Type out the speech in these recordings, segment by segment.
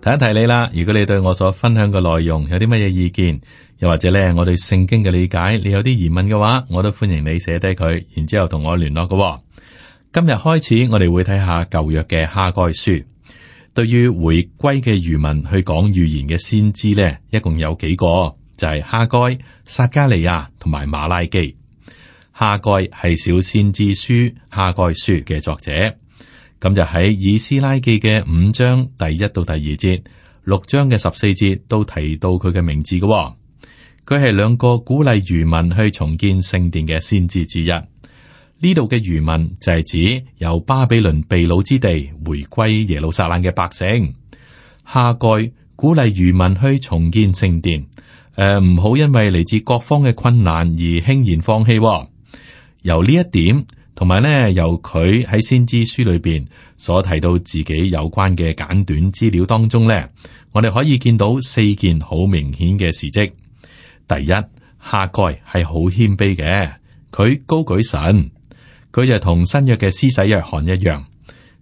提一提你啦，如果你對我所分享嘅內容有啲乜嘢意見，又或者咧我對聖經嘅理解，你有啲疑問嘅話，我都歡迎你寫低佢，然之後同我聯絡嘅、哦。今日開始，我哋會睇下舊約嘅哈該書，對於回歸嘅餘民去講預言嘅先知咧，一共有幾個？就係哈該、撒迦利亞同埋馬拉基。哈該係小先知書哈該書嘅作者。咁就喺以斯拉記嘅五章第一到第二節，六章嘅十四節都提到佢嘅名字嘅、哦。佢係兩個鼓勵漁民去重建聖殿嘅先知之一。呢度嘅漁民就係指由巴比倫被擄之地回歸耶路撒冷嘅百姓。下句鼓勵漁民去重建聖殿，誒、呃，唔好因為嚟自各方嘅困難而輕言放棄、哦。由呢一點。同埋咧，由佢喺先知書裏邊所提到自己有關嘅簡短資料當中咧，我哋可以見到四件好明顯嘅事蹟。第一，哈該係好謙卑嘅，佢高舉神，佢就同新約嘅施洗約翰一樣，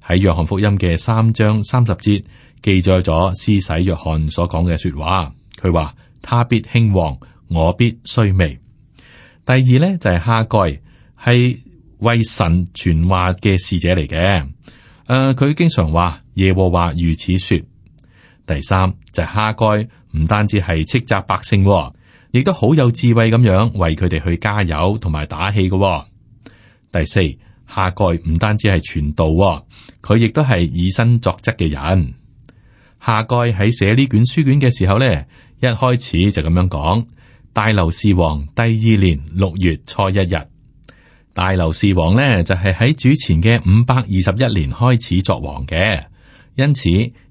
喺約翰福音嘅三章三十節記載咗施洗約翰所講嘅說話。佢話：他，他必興旺，我必衰微。第二咧，就係哈該係。為神傳話嘅使者嚟嘅，誒、呃，佢經常話耶和華如此說。第三就係哈該，唔單止係斥責百姓、哦，亦都好有智慧咁樣為佢哋去加油同埋打氣嘅、哦。第四，哈該唔單止係傳道、哦，佢亦都係以身作則嘅人。哈該喺寫呢卷書卷嘅時候咧，一開始就咁樣講：大流士王第二年六月初一日。大流士王呢，就係、是、喺主前嘅五百二十一年開始作王嘅，因此，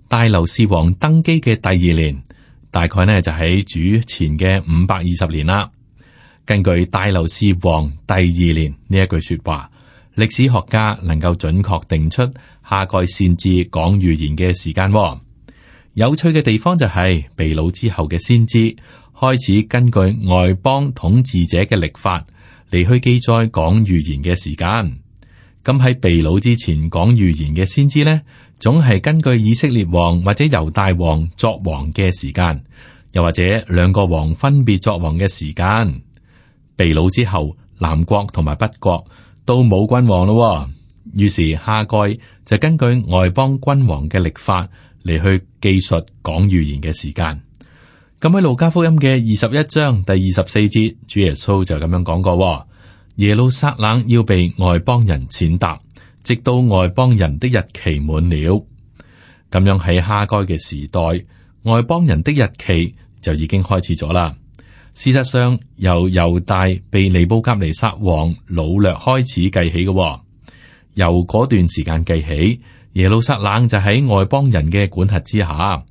大流士王登基嘅第二年，大概呢，就喺、是、主前嘅五百二十年啦。根據大流士王第二年呢一句說話，歷史學家能夠準確定出哈該先知講預言嘅時間、哦。有趣嘅地方就係、是、被擄之後嘅先知開始根據外邦統治者嘅曆法。嚟去記載講預言嘅時間，咁喺被擄之前講預言嘅先知呢，總係根據以色列王或者猶大王作王嘅時間，又或者兩個王分別作王嘅時間。被擄之後，南國同埋北國都冇君王咯、哦，於是哈該就根據外邦君王嘅曆法嚟去記述講預言嘅時間。咁喺路加福音嘅二十一章第二十四節，主耶穌就咁樣講過：耶路撒冷要被外邦人踐踏，直到外邦人的日期滿了。咁樣喺哈該嘅時代，外邦人的日期就已經開始咗啦。事實上，由猶大被尼布甲尼撒王擄掠開始計起嘅，由嗰段時間計起，耶路撒冷就喺外邦人嘅管轄之下。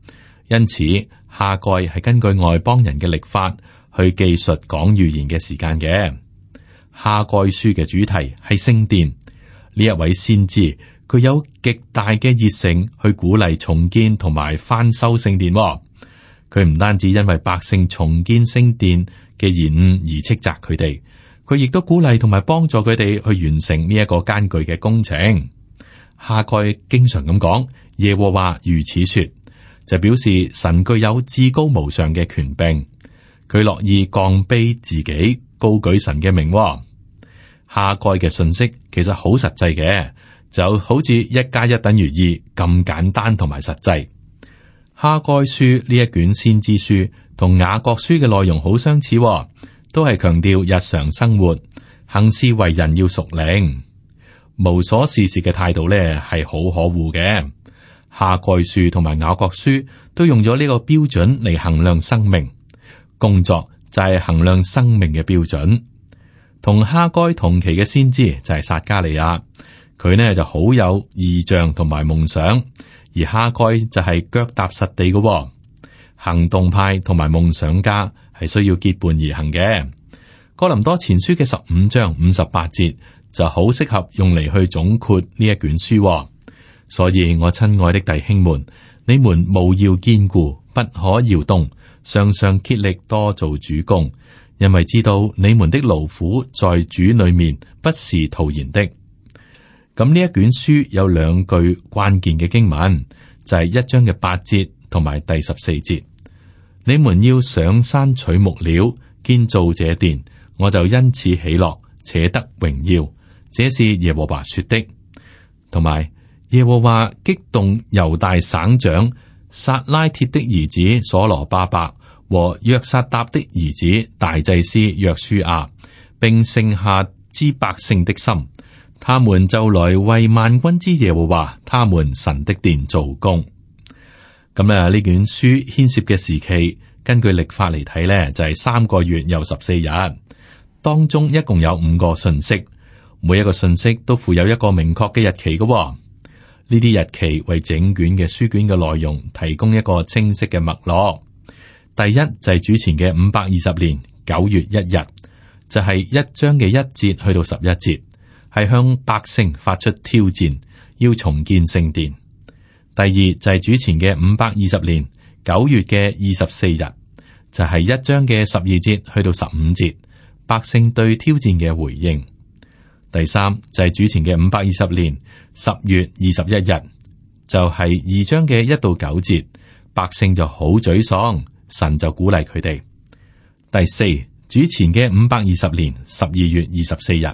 因此，哈該係根據外邦人嘅歷法去記述講預言嘅時間嘅。哈該書嘅主題係聖殿。呢一位先知，佢有極大嘅熱誠去鼓勵重建同埋翻修聖殿、哦。佢唔單止因為百姓重建聖殿嘅延誤而斥責佢哋，佢亦都鼓勵同埋幫助佢哋去完成呢一個艱巨嘅工程。哈該經常咁講：耶和華如此說。就表示神具有至高無上嘅權柄，佢樂意降卑自己，高舉神嘅名、哦。哈該嘅信息其實好實際嘅，就好似一加一等於二咁簡單同埋實際。哈該書呢一卷先知書同雅各書嘅內容好相似、哦，都係強調日常生活，行事為人要熟領，無所事事嘅態度咧係好可惡嘅。哈該書同埋雅各書都用咗呢個標準嚟衡量生命。工作就係衡量生命嘅標準。同哈該同期嘅先知就係撒加利亞，佢呢就好有異象同埋夢想，而哈該就係腳踏實地嘅、哦，行動派同埋夢想家係需要結伴而行嘅。哥林多前書嘅十五章五十八節就好適合用嚟去總括呢一卷書、哦。所以我親愛的弟兄們，你們務要堅固，不可搖動，常常竭力多做主工，因為知道你們的勞苦在主裏面不是徒然的。咁呢一卷書有兩句關鍵嘅經文，就係、是、一章嘅八節同埋第十四節。你們要上山取木料，建造這殿，我就因此喜樂，且得榮耀。這是耶和華說的，同埋。耶和華激動猶大省長撒拉鐵的兒子所羅巴伯和約撒達的兒子大祭司約書亞，並剩下之百姓的心，他們就來為萬軍之耶和華他們神的殿做工。咁啊，呢卷書牽涉嘅時期，根據歷法嚟睇呢就係三個月又十四日，當中一共有五個信息，每一個信息都附有一個明確嘅日期㗎喎。呢啲日期為整卷嘅書卷嘅內容提供一個清晰嘅脈絡。第一，就係、是、主前嘅五百二十年九月一日，就係、是、一章嘅一節去到十一節，係向百姓發出挑戰，要重建聖殿。第二，就係、是、主前嘅五百二十年九月嘅二十四日，就係、是、一章嘅十二節去到十五節，百姓對挑戰嘅回應。第三就係主前嘅五百二十年十月二十一日，就係二章嘅一到九節，百姓就好沮喪，神就鼓勵佢哋。第四主前嘅五百二十年十二月二十四日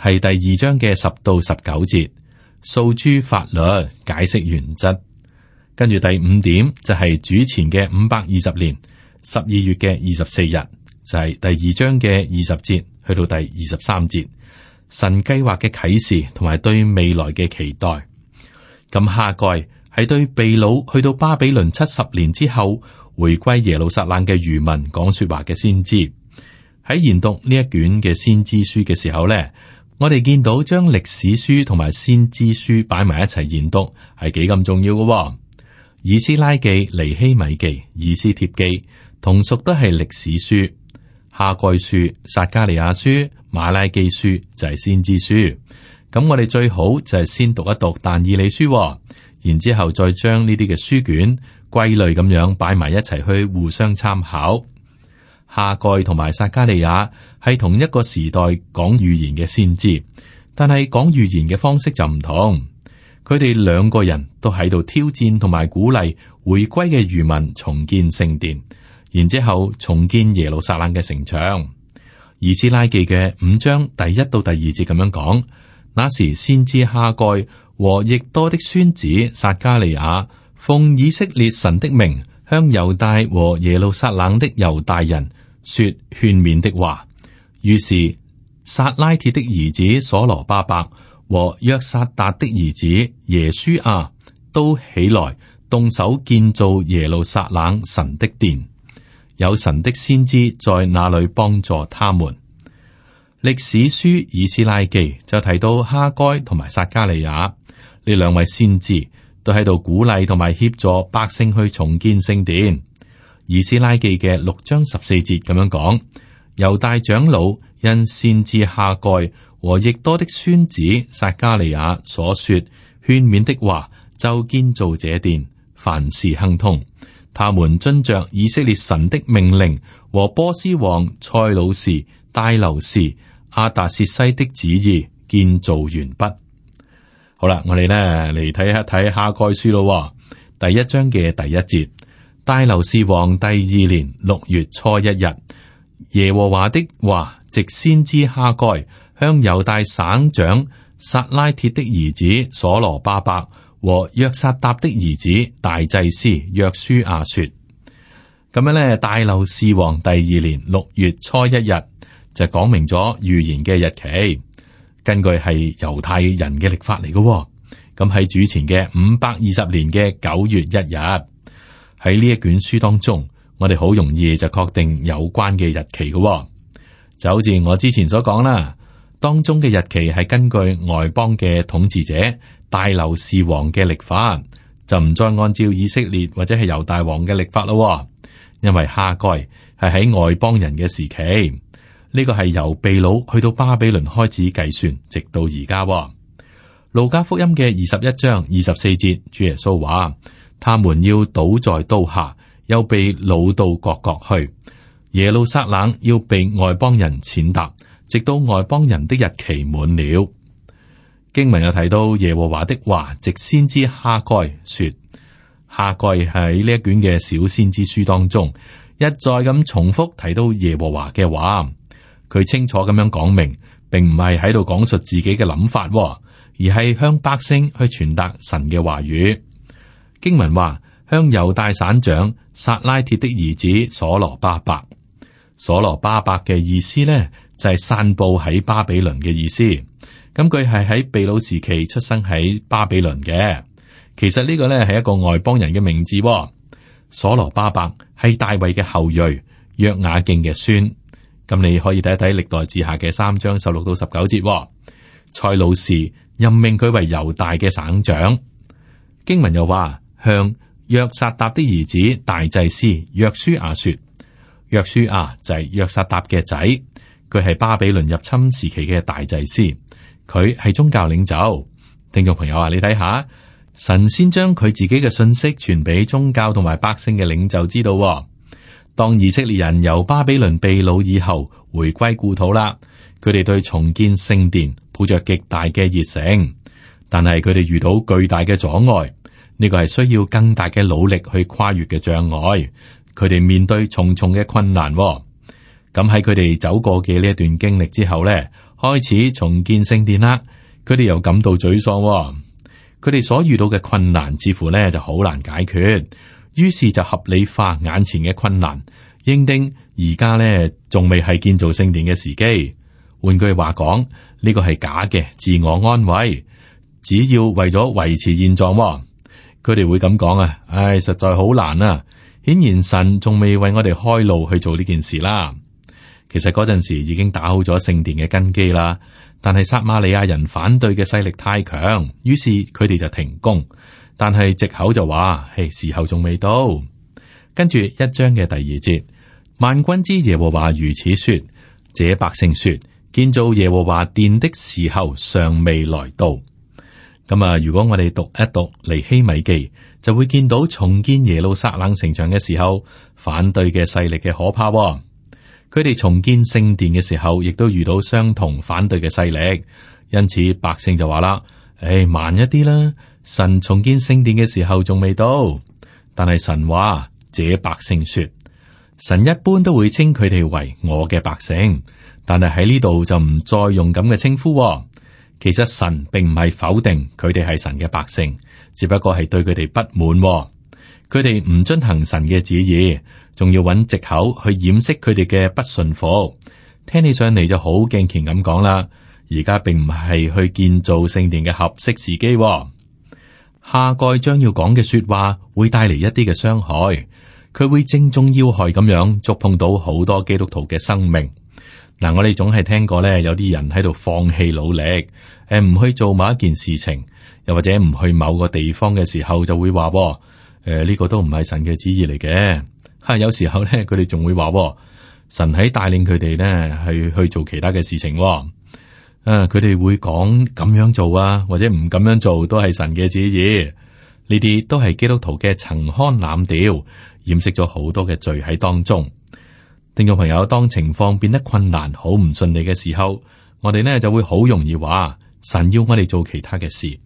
係第二章嘅十到十九節，訴諸法律解釋原則。跟住第五點就係主前嘅五百二十年十二月嘅二十四日就係第二章嘅二十節去到第二十三節。神計劃嘅啟示同埋對未來嘅期待，咁哈該係對被擄去到巴比倫七十年之後回歸耶路撒冷嘅餘民講說話嘅先知。喺研讀呢一卷嘅先知書嘅時候呢，我哋見到將歷史書同埋先知書擺埋一齊研讀係幾咁重要噶。以斯拉記、尼希米記、以斯帖記同屬都係歷史書，哈該書、撒加利亞書。馬拉基書就係先知書，咁我哋最好就係先讀一讀但以理書，哦，然之後再將呢啲嘅書卷歸類咁樣擺埋一齊去互相參考。哈該同埋撒加利亞係同一個時代講預言嘅先知，但係講預言嘅方式就唔同。佢哋兩個人都喺度挑戰同埋鼓勵回歸嘅餘民重建聖殿，然之後重建耶路撒冷嘅城牆。以斯拉記嘅五章第一到第二節咁樣講，那時先知哈蓋和亦多的孫子撒迦利亞，奉以色列神的名，向猶大和耶路撒冷的猶大人說勸勉的話。於是撒拉鐵的兒子所羅巴伯和約撒達的兒子耶書亞，都起來動手建造耶路撒冷神的殿。有神的先知在那裏幫助他們。歷史書以斯拉記就提到哈該同埋撒迦利亞呢兩位先知都喺度鼓勵同埋協助百姓去重建聖殿。以斯拉記嘅六章十四節咁樣講：猶大長老因先知哈該和易多的孫子撒迦利亞所說勸勉的話，就建造這殿，凡事亨通。他們遵着以色列神的命令和波斯王塞魯士、大流士、阿達薛西的旨意建造完畢。好啦，我哋呢嚟睇一睇哈該書咯，第一章嘅第一節。大流士王第二年六月初一日，耶和華的話藉先知哈該向猶大省長撒拉鐵的兒子所羅巴伯，和約薩達的兒子大祭司約書亞說：咁樣咧，大流士王第二年六月初一日就講明咗預言嘅日期。根據係猶太人嘅曆法嚟嘅、哦，咁喺主前嘅五百二十年嘅九月一日，喺呢一卷書當中，我哋好容易就確定有關嘅日期嘅、哦。就好似我之前所講啦，當中嘅日期係根據外邦嘅統治者。大流士王嘅曆法就唔再按照以色列或者係猶大王嘅曆法咯，因為哈該，係喺外邦人嘅時期，呢、這個係由被擄去到巴比倫開始計算，直到而家。路加福音嘅二十一章二十四節，主耶穌話：他們要倒在刀下，又被擄到各國去；耶路撒冷要被外邦人踐踏，直到外邦人的日期滿了。經文有提到耶和華的話，直先知哈該說，哈該喺呢一卷嘅小先知書當中一再咁重複提到耶和華嘅話，佢清楚咁樣講明，並唔係喺度講述自己嘅諗法，而係向百姓去傳達神嘅話語。經文話向猶大省長撒拉鐵的兒子所羅巴伯，所羅巴伯嘅意思呢，就係、是、散布喺巴比倫嘅意思。咁佢係喺秘魯時期出生喺巴比倫嘅，其實呢個咧係一個外邦人嘅名字，哦。所羅巴伯係大衛嘅後裔，約雅敬嘅孫。咁你可以睇一睇歷代志下嘅三章十六到十九節，哦。塞魯士任命佢為猶大嘅省長。經文又話向約撒達的兒子大祭司約書亞說，約書亞就係約撒達嘅仔，佢係巴比倫入侵時期嘅大祭司。佢係宗教領袖，聽眾朋友啊，你睇下，神仙將佢自己嘅信息傳俾宗教同埋百姓嘅領袖知道，哦。當以色列人由巴比倫被擄以後，回歸故土啦，佢哋對重建聖殿抱着極大嘅熱誠，但係佢哋遇到巨大嘅阻礙，呢個係需要更大嘅努力去跨越嘅障礙。佢哋面對重重嘅困難，哦，咁喺佢哋走過嘅呢一段經歷之後呢。開始重建聖殿啦，佢哋又感到沮喪，哦。佢哋所遇到嘅困難，似乎咧就好難解決。於是就合理化眼前嘅困難。英丁而家咧仲未係建造聖殿嘅時機。換句話講，呢個係假嘅自我安慰。只要為咗維持現狀，哦，佢哋會咁講啊！唉，實在好難啊！顯然神仲未為我哋開路去做呢件事啦。其實嗰陣時已經打好咗聖殿嘅根基啦，但係撒馬利亞人反對嘅勢力太強，於是佢哋就停工。但係藉口就話：係時候仲未到。跟住一章嘅第二節，萬軍之耶和華如此說：這百姓說，建造耶和華殿的時候尚未來到。咁啊，如果我哋讀一讀尼希米記，就會見到重建耶路撒冷城牆嘅時候，反對嘅勢力嘅可怕喎。佢哋重建聖殿嘅時候，亦都遇到相同反對嘅勢力，因此百姓就話啦：誒、哎，慢一啲啦，神重建聖殿嘅時候仲未到。但係神話，這百姓說，神一般都會稱佢哋為我嘅百姓，但係喺呢度就唔再用咁嘅稱呼、喎。其實神並唔係否定佢哋係神嘅百姓，只不過係對佢哋不滿、喎。佢哋唔遵行神嘅旨意，仲要揾藉口去掩飾佢哋嘅不順服，聽起上嚟就好敬虔咁講啦。而家並唔係去建造聖殿嘅合適時機、哦，下蓋將要講嘅說話會帶嚟一啲嘅傷害，佢會正中要害咁樣觸碰到好多基督徒嘅生命嗱、嗯。我哋總係聽過呢：「有啲人喺度放棄努力，誒，唔去做某一件事情，又或者唔去某個地方嘅時候，就會話。誒，呢、呃，這個都唔係神嘅旨意嚟嘅吓，有時候咧，佢哋仲會話、哦，神喺帶領佢哋呢係去，去做其他嘅事情、哦。啊，佢哋會講咁樣做啊，或者唔咁樣做都係神嘅旨意。呢啲都係基督徒嘅陳腔濫調，掩飾咗好多嘅罪喺當中。聽眾朋友，當情況變得困難、好唔順利嘅時候，我哋呢就會好容易話，神要我哋做其他嘅事。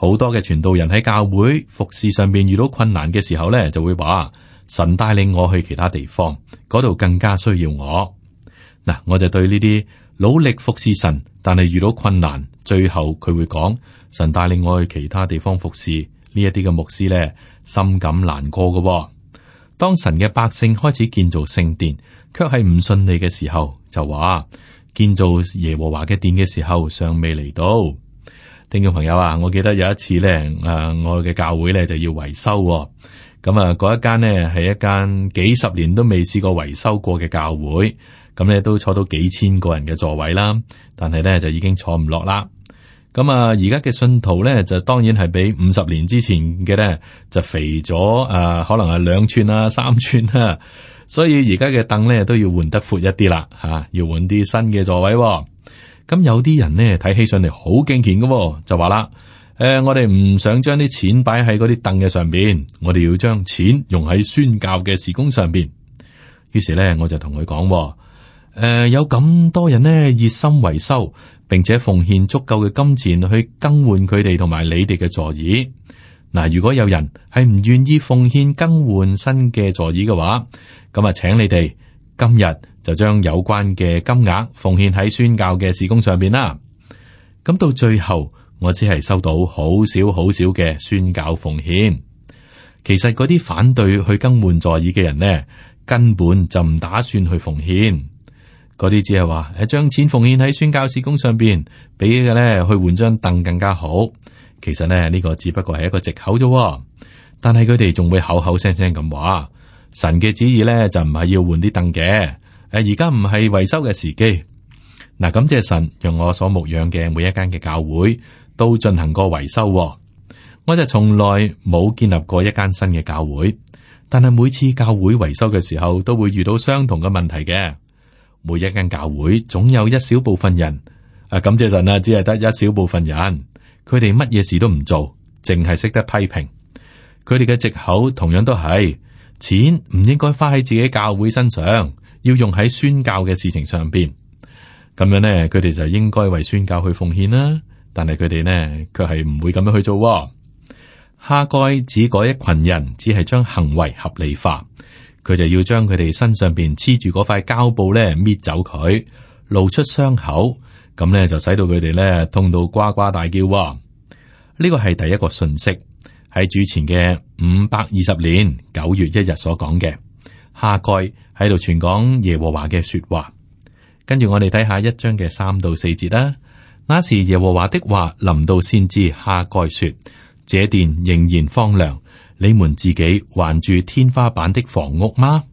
好多嘅傳道人喺教會服侍上面遇到困難嘅時候咧，就會話神帶領我去其他地方，嗰度更加需要我。嗱，我就對呢啲努力服侍神，但係遇到困難，最後佢會講神帶領我去其他地方服侍呢一啲嘅牧師咧，深感難過嘅、哦。當神嘅百姓開始建造聖殿，卻係唔順利嘅時候，就話建造耶和華嘅殿嘅時候尚未嚟到。聽眾朋友啊，我記得有一次咧，誒、呃，我嘅教會咧就要維修、哦，咁、嗯、啊，嗰一間咧係一間幾十年都未試過維修過嘅教會，咁、嗯、咧都坐到幾千個人嘅座位啦，但係咧就已經坐唔落啦。咁、嗯、啊，而家嘅信徒咧就當然係比五十年之前嘅咧就肥咗，誒、呃，可能係兩寸啦、啊、三寸啦、啊。所以而家嘅凳咧都要換得闊一啲啦，吓、啊，要換啲新嘅座位、哦。咁有啲人呢，睇起上嚟好驚險敬虔噶，就話啦，誒、呃，我哋唔想將啲錢擺喺嗰啲凳嘅上邊，我哋要將錢用喺宣教嘅事工上邊。於是呢，我就同佢講，誒、呃，有咁多人呢熱心維修，並且奉獻足夠嘅金錢去更換佢哋同埋你哋嘅座椅。嗱、呃，如果有人係唔願意奉獻更換新嘅座椅嘅話，咁啊，請你哋。今日就將有關嘅金額奉獻喺宣教嘅事工上邊啦。咁到最後，我只係收到好少好少嘅宣教奉獻。其實嗰啲反對去更換座椅嘅人呢，根本就唔打算去奉獻。嗰啲只係話喺將錢奉獻喺宣教事工上邊，比嘅呢去換張凳更加好。其實呢，呢個只不過係一個借口啫。但係佢哋仲會口口聲聲咁話。神嘅旨意咧就唔係要換啲凳嘅，誒而家唔係維修嘅時機。嗱、啊、感即神用我所牧養嘅每一間嘅教會都進行過維修，哦，我就從來冇建立過一間新嘅教會。但係每次教會維修嘅時候，都會遇到相同嘅問題嘅。每一間教會總有一小部分人，啊感謝神啊，只係得一小部分人，佢哋乜嘢事都唔做，淨係識得批評，佢哋嘅借口同樣都係。錢唔應該花喺自己教會身上，要用喺宣教嘅事情上邊。咁樣咧，佢哋就應該為宣教去奉獻啦。但係佢哋呢，卻係唔會咁樣去做喔。哈該指嗰一群人，只係將行為合理化。佢就要將佢哋身上邊黐住嗰塊膠布咧搣走佢，露出傷口。咁咧就使到佢哋咧痛到呱呱大叫喔。呢個係第一個訊息。喺主前嘅五百二十年九月一日所講嘅哈該喺度傳講耶和華嘅說話，跟住我哋睇下一章嘅三到四節啦。那時耶和華的話臨到先知哈該說：這殿仍然荒涼，你們自己還住天花板的房屋嗎？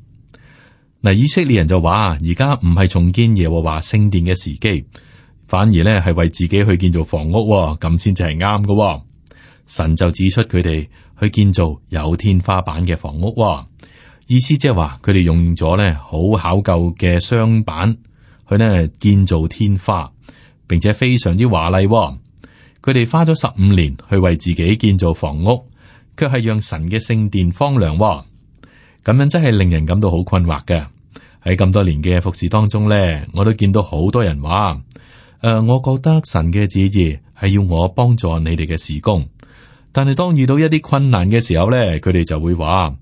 嗱，以色列人就話：而家唔係重建耶和華聖殿嘅時機，反而咧係為自己去建造房屋，咁先至係啱嘅。神就指出佢哋去建造有天花板嘅房屋，哦，意思即係話佢哋用咗咧好考究嘅鑲板，去咧建造天花，並且非常之華麗，哦。佢哋花咗十五年去為自己建造房屋，卻係讓神嘅聖殿荒涼，哦。咁樣真係令人感到好困惑嘅。喺咁多年嘅服侍當中咧，我都見到好多人話誒、呃，我覺得神嘅旨意係要我幫助你哋嘅事工。.但係當遇到一啲困難嘅時候咧，佢哋就會話：誒、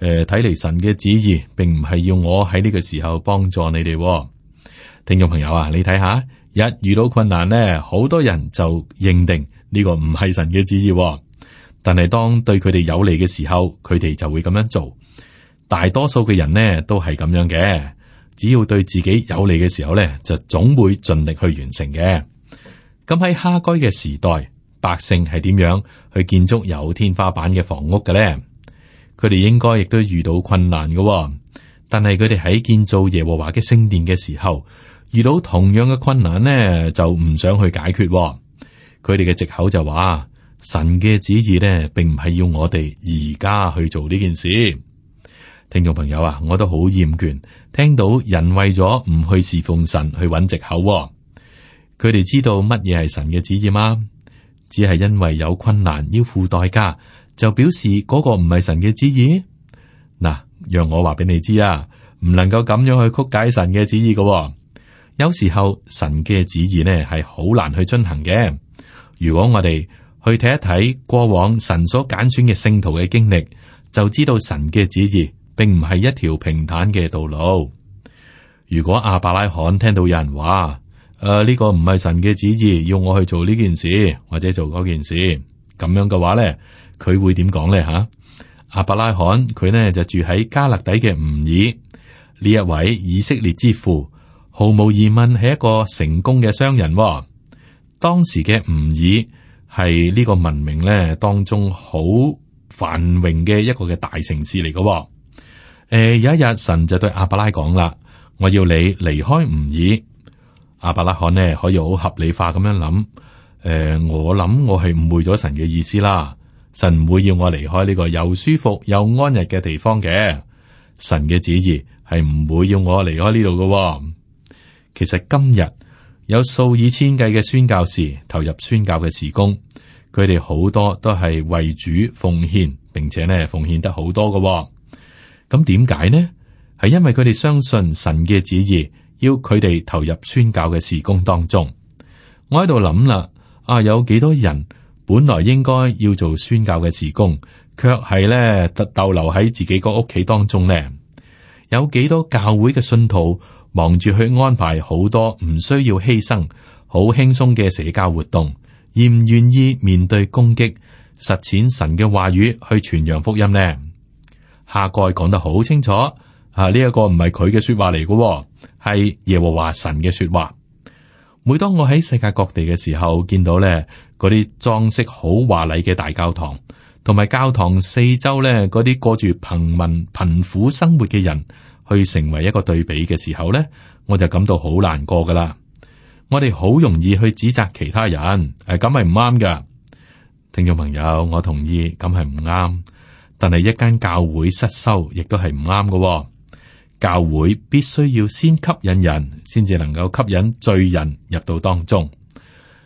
呃，睇嚟神嘅旨意並唔係要我喺呢個時候幫助你哋。聽眾朋友啊，你睇下，一遇到困難呢，好多人就認定呢個唔係神嘅旨意。但係當對佢哋有利嘅時候，佢哋就會咁樣做。大多數嘅人呢，都係咁樣嘅，只要對自己有利嘅時候呢，就總會盡力去完成嘅。咁喺哈該嘅時代。百姓係點樣去建築有天花板嘅房屋嘅咧？佢哋應該亦都遇到困難嘅、哦，但係佢哋喺建造耶和華嘅聖殿嘅時候遇到同樣嘅困難呢，就唔想去解決、哦。佢哋嘅借口就話神嘅旨意呢，並唔係要我哋而家去做呢件事。聽眾朋友啊，我都好厭倦聽到人為咗唔去侍奉神去揾藉口、哦。佢哋知道乜嘢係神嘅旨意嗎？只係因為有困難要付代價，就表示嗰個唔係神嘅旨意。嗱、啊，讓我話俾你知啊，唔能夠咁樣去曲解神嘅旨意嘅、哦。有時候神嘅旨意呢係好難去進行嘅。如果我哋去睇一睇過往神所揀選嘅聖徒嘅經歷，就知道神嘅旨意並唔係一條平坦嘅道路。如果阿伯拉罕聽到有人話，誒，呢、呃這個唔係神嘅旨意，要我去做呢件事或者做嗰件事，咁樣嘅話咧，佢會點講咧吓？阿伯拉罕佢呢就住喺加勒底嘅吾爾呢一位以色列之父，毫無疑問係一個成功嘅商人、哦。當時嘅吾爾係呢個文明咧當中好繁榮嘅一個嘅大城市嚟嘅、哦。誒、呃，有一日神就對阿伯拉講啦：我要你離開吾爾。阿伯拉罕呢可以好合理化咁樣諗，誒、呃，我諗我係誤會咗神嘅意思啦，神唔會要我離開呢個又舒服又安逸嘅地方嘅，神嘅旨意係唔會要我離開呢度嘅。其實今日有數以千計嘅宣教士投入宣教嘅事工，佢哋好多都係為主奉獻，並且呢奉獻得好多嘅、哦。咁點解呢？係因為佢哋相信神嘅旨意。要佢哋投入宣教嘅事工當中，我喺度諗啦，啊，有幾多人本來應該要做宣教嘅事工，卻係咧逗留喺自己個屋企當中咧？有幾多教會嘅信徒忙住去安排好多唔需要犧牲、好輕鬆嘅社交活動，而唔願意面對攻擊，實踐神嘅話語去傳揚福音呢？哈該講得好清楚。啊！呢、這、一個唔係佢嘅說話嚟嘅，係耶和華神嘅說話。每當我喺世界各地嘅時候見到咧，嗰啲裝飾好華麗嘅大教堂，同埋教堂四周咧嗰啲過住貧民貧苦生活嘅人，去成為一個對比嘅時候咧，我就感到好難過噶啦。我哋好容易去指責其他人，係咁係唔啱嘅。聽眾朋友，我同意咁係唔啱，但係一間教會失修亦都係唔啱嘅。教會必須要先吸引人，先至能夠吸引罪人入到當中。誒、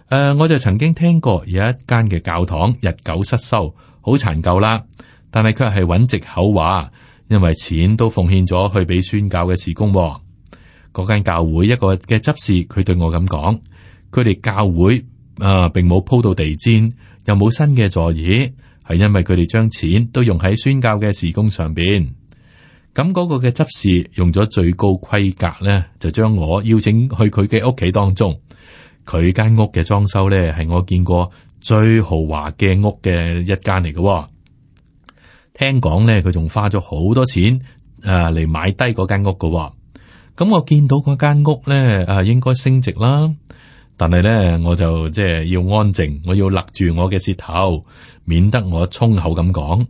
呃，我就曾經聽過有一間嘅教堂日久失修，好殘舊啦，但係佢係揾藉口話，因為錢都奉獻咗去俾宣教嘅事工、啊。嗰間教會一個嘅執事佢對我咁講，佢哋教會誒、呃，並冇鋪到地氈，又冇新嘅座椅，係因為佢哋將錢都用喺宣教嘅事工上邊。咁嗰個嘅執事用咗最高規格咧，就將我邀請去佢嘅屋企當中。佢間屋嘅裝修咧，係我見過最豪華嘅屋嘅一間嚟嘅。聽講咧，佢仲花咗好多錢誒嚟、啊、買低嗰間屋嘅、哦。咁我見到嗰間屋咧，啊應該升值啦。但係咧，我就即係、就是、要安靜，我要勒住我嘅舌頭，免得我衝口咁講。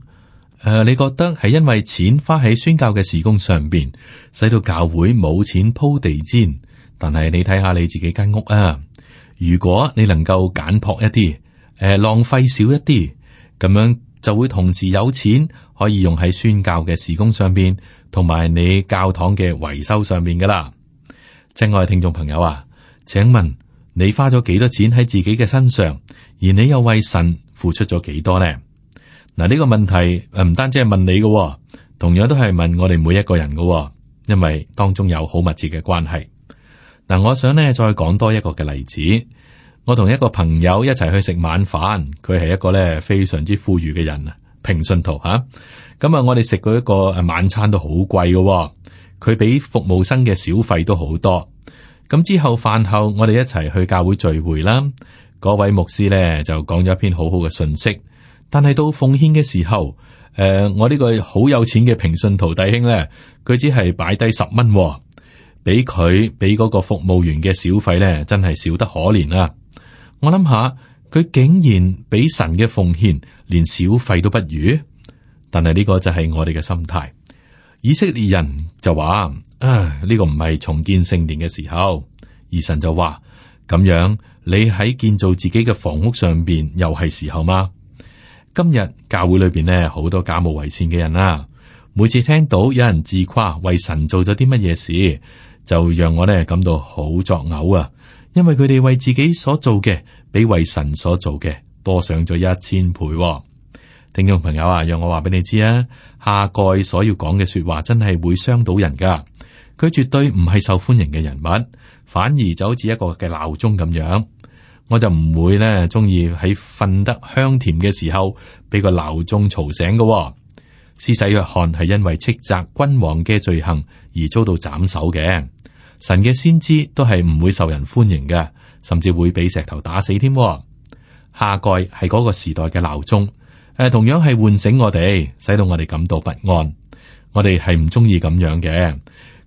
誒、呃，你覺得係因為錢花喺宣教嘅事工上邊，使到教會冇錢鋪地氈。但係你睇下你自己間屋啊，如果你能夠簡樸一啲，誒、呃，浪費少一啲，咁樣就會同時有錢可以用喺宣教嘅事工上邊，同埋你教堂嘅維修上邊噶啦。親愛嘅聽眾朋友啊，請問你花咗幾多錢喺自己嘅身上，而你又為神付出咗幾多呢？嗱，呢個問題唔單止係問你嘅，同樣都係問我哋每一個人嘅，因為當中有好密切嘅關係。嗱，我想咧再講多一個嘅例子，我同一個朋友一齊去食晚飯，佢係一個咧非常之富裕嘅人啊，平信徒吓，咁啊，我哋食過一個晚餐都好貴嘅，佢畀服務生嘅小費都好多。咁之後飯後我哋一齊去教會聚會啦，嗰位牧師咧就講咗一篇好好嘅信息。但係到奉獻嘅時候，誒、呃，我呢個好有錢嘅平信徒弟兄咧，佢只係擺低十蚊、哦，俾佢俾嗰個服務員嘅小費咧，真係少得可憐啦、啊。我諗下佢竟然俾神嘅奉獻連小費都不如，但係呢個就係我哋嘅心態。以色列人就話啊，呢、這個唔係重建聖殿嘅時候，而神就話咁樣，你喺建造自己嘅房屋上邊又係時候嗎？今日教會裏邊咧，好多假冒為善嘅人啦、啊。每次聽到有人自誇為神做咗啲乜嘢事，就讓我咧感到好作嘔啊！因為佢哋為自己所做嘅，比為神所做嘅多上咗一千倍、啊。聽眾朋友啊，讓我話俾你知啊，哈該所要講嘅說話真係會傷到人噶。佢絕對唔係受歡迎嘅人物，反而就好似一個嘅鬧鐘咁樣。我就唔會咧，中意喺瞓得香甜嘅時候俾個鬧鐘嘈醒嘅、哦。施洗約翰係因為斥責君王嘅罪行而遭到斬首嘅。神嘅先知都係唔會受人歡迎嘅，甚至會俾石頭打死添、哦。哈該係嗰個時代嘅鬧鐘，誒、啊，同樣係喚醒我哋，使到我哋感到不安。我哋係唔中意咁樣嘅。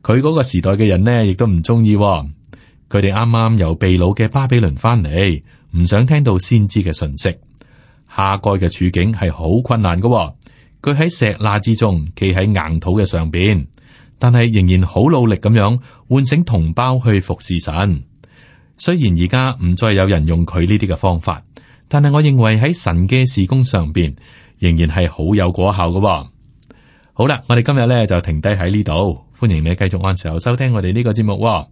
佢嗰個時代嘅人呢，亦都唔中意。佢哋啱啱由被擄嘅巴比倫翻嚟，唔想聽到先知嘅訊息。哈該嘅處境係好困難嘅、哦，佢喺石罅之中，企喺硬土嘅上邊，但係仍然好努力咁樣喚醒同胞去服侍神。雖然而家唔再有人用佢呢啲嘅方法，但係我認為喺神嘅事工上邊，仍然係好有果效嘅、哦。好啦，我哋今日咧就停低喺呢度，歡迎你繼續按時候收聽我哋呢個節目、哦。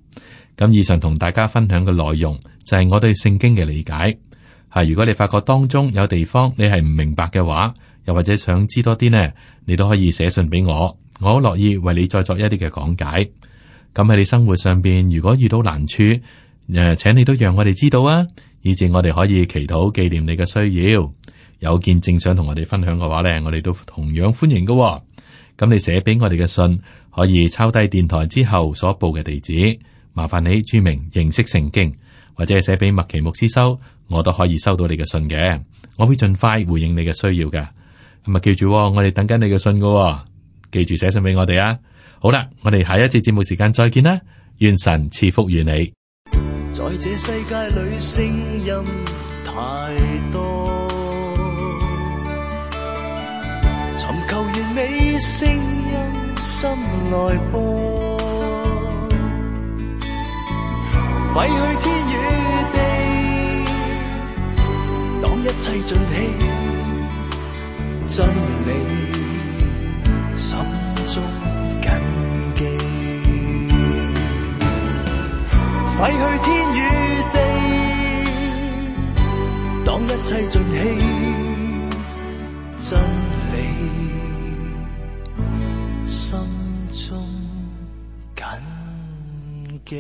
咁以上同大家分享嘅內容就係我對聖經嘅理解。係如果你發覺當中有地方你係唔明白嘅話，又或者想知多啲咧，你都可以寫信俾我，我好樂意為你再作一啲嘅講解。咁喺你生活上邊，如果遇到難處，誒，請你都讓我哋知道啊，以至我哋可以祈禱紀念你嘅需要。有見證想同我哋分享嘅話咧，我哋都同樣歡迎噶。咁你寫俾我哋嘅信可以抄低電台之後所報嘅地址。麻煩你注明認識聖經，或者係寫俾麥奇牧師收，我都可以收到你嘅信嘅。我會盡快回應你嘅需要嘅。咁啊，記住，我哋等緊你嘅信噶，記住寫信俾我哋啊。好啦，我哋下一次節目時間再見啦，願神賜福於你。在這世界裏聲音太多，尋求完美聲音心內播。廢去天與地，當一切盡棄，真理心中謹記。廢去天與地，當一切盡棄，真理心中謹記。